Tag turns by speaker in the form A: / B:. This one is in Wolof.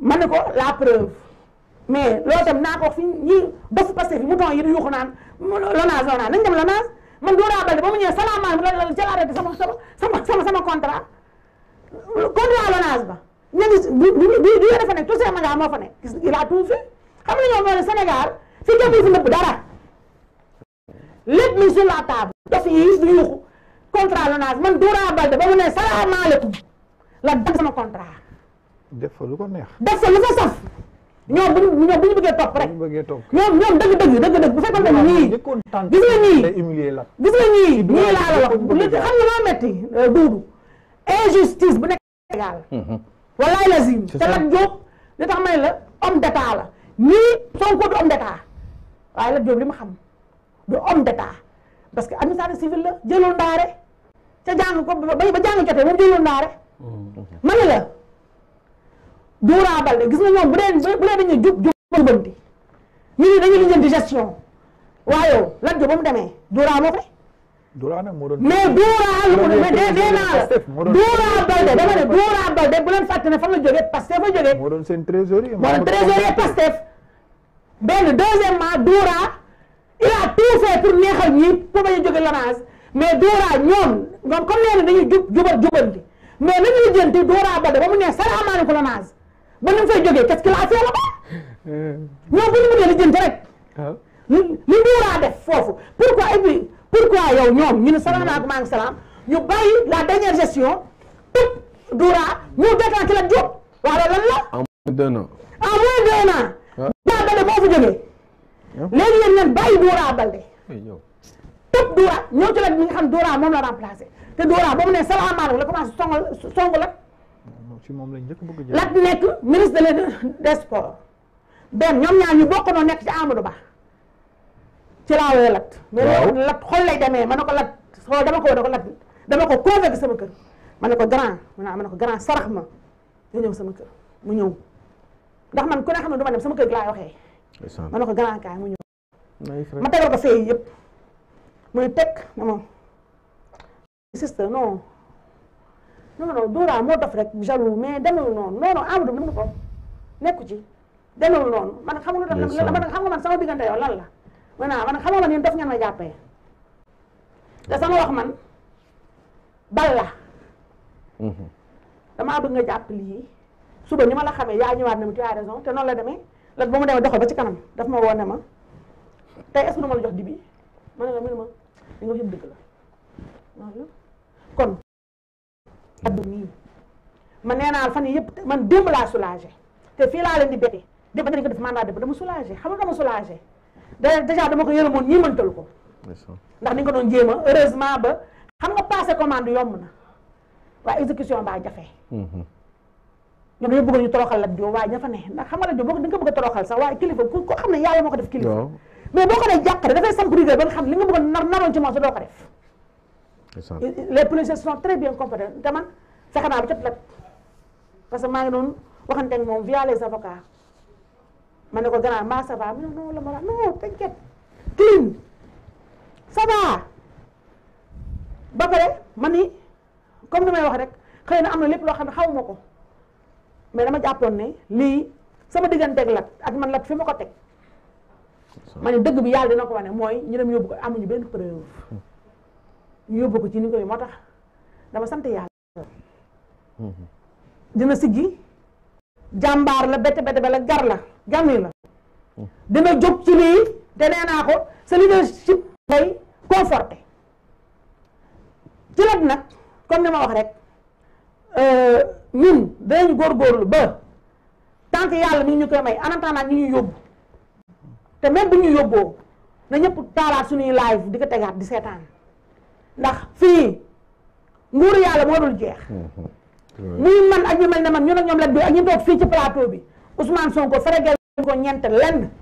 A: ma ne ko la preuve mais loolu tam naa ko wax fi ñii dofu passé fi mouton yi di yuuxu naan lonage lonage nañ dem lonage man Dora Balde ba mu ñëwee salaamaaleykum loolu la jël arrêté sama contrat contrat ba ñu ngi si bi bi bi yéen a fa nekk tout a tout fait xam la table dof yi di yuuxu contrat lonage man Dora Balde ba mu ne salaamaaleykum la dagg sama contrat. def fa lu ko neex. def fa lu ko saf. ñoom bu ñu ñoom topp rek. ñoom ñoom dëgg-dëgg dëgg-dëgg bu fekkoon ne ñii. gis nga ñii gis nga ñii ñii laa la wax xam nga moo metti euh, duudu injustice bu nekk Sénégal. walaay la si te nag Diop li tax may la homme waaye la Diop li ma xam du homme d'état parce que administration civile la jëloon ndaare ca jàng ko ba ba jotee moom jëloon ndaare. Mm-hmm. ma la. Doura Balde gis nga ñoom bu dee bu dee jub jub banti ñu ne dañuy lijjanti gestion waaye yow Lat Diop ba mu demee Doura moo fa Doura nag moo doon mais Doura lu mu mais dee dee naa la Doura Balde dama ne Doura Balde bu leen fàtte ne fan la jógee Pastef la jógee moo doon seen trésorier moo doon trésorier Pastef benn deuxièmement Doura il a tout fait pour neexal ñi pour bañ a jóge l'ONAS mais Doura ñoom ñoom comme nee na dañuy jub jubal jubanti mais nañu lijjanti Doura Balde ba mu neex sara amaane ko l'ONAS ba ni mu fay jógee qu'est-ce qu'il a fait là bu ñu mënee lijjanti rek. waaw ah. li def foofu pourquoi et puis pourquoi ñoom ñu ne salaamaaleykum mm. salaam ñu bàyyi la dernière gestion tëb Doura ñu déclenché la Diop waaw loolu lan la. en moins d'un an. moo ah. fi jógee. Ah. léegi yéen ngeen bàyyi Doura Balde. Eh, tëb Doura ñëw ci la ñi nga xam moom la remplacé te Doura ba mu ne salaamaaleykum la commencé songal songal ak. ci moom lañ njëkk bëgg Lat di nekk ministre des sports benn ñoom ñaar ñu bokk noo nekk ci Amadou Ba ci laa woo Lat mais Lat xol lay demee ma ne ko Lat xool dama ko woo Lat dama ko convoqué sama kër ma ne ko grand ma ne ko grand sarax ma nga ñëw sama kër mu ñëw ndax man ku ne xam ne du ma dem sama kër gi laay waxee ma ne ko grand kaay mu ñëw ma tegal ko fee yëpp muy teg ma ma non non Dora moo dof rek jaloux mais demee noonu non non Amadou mënu ko nekku ci demewul noonu man xam nga lu tax xam nga man sama diggante yow lan la maintenant man xam nga man yéen dof ngeen ma jàppee wax man bal la damaa bëgg nga jàpp lii suba ni ma la xamee yaa ñëwaat na mu tu as raison te noonu la demee la ba mu demee doxal ba ci kanam daf ma wone ne ma tey est-ce ma la jox dibi ma ne la mu ne ma li nga wax yëpp la kon addu nii man naa fan yii yëpp man démb laa soulagé te fii laa leen di bette démb dañ ko def mandat de dama soulagé xam nga dama soulagé da dèjà dama ko yërëmoon ñi mëntal ko ndax ni nga ko doon jéema heureusement ba xam nga passé commande yomb na waaye exécution baa jafe mm-hmm. ñoom dañoo bëgg ñu toroxal Lat Diop ko dañ ko bëgg a toroxal sax waaye kilifa ku ko xam ne yàlla moo ko def kilifa mais boo ko dee jàqare dafay samp rigueur ba nga xam li nga bëggoon nar naroon ci moom def les policiers sont très bien compétents te ça fexe naa parce que maa ngi doon waxante ak via les avocats ma ne ko gannaaw maa ça va mu ne non la non t'inquiète clean ça va ba pare ma ni comme ni may wax rek xëy na am na lépp loo xam ne mais dama jàppoon li sama digantek lat ak man lat fi ma ko teg ma ne dëgg bi yàlla dina ko wane moy ñu dem yóbbu amuñu ben preuve hmm. ñu yóbbu ko ci ni koy moo tax dama sant yàlla mhm. dina siggi jàmbaar la bette bette ba la gar la gàmmi la mhm. dina jóg ci lii te nee naa ko sa leadership koy conforté ci lat nag comme ni ma wax rek euh, ñun dinañ góorgóorlu ba tant que yàlla mi ñu koy may en attendant ñu ñu yóbbu te même bu ñu yóbboo na ñëpp taalaat suñuy live di ko tegaat di seetaan ndax fii nguuru yàlla moo dul jeex mm-hmm. muy man a ñu mel ne man ñu ne ñoom la bi ak ñu toog fii ci plateau bi usmaan Ousmane Sonko feregel ko ñeent lenn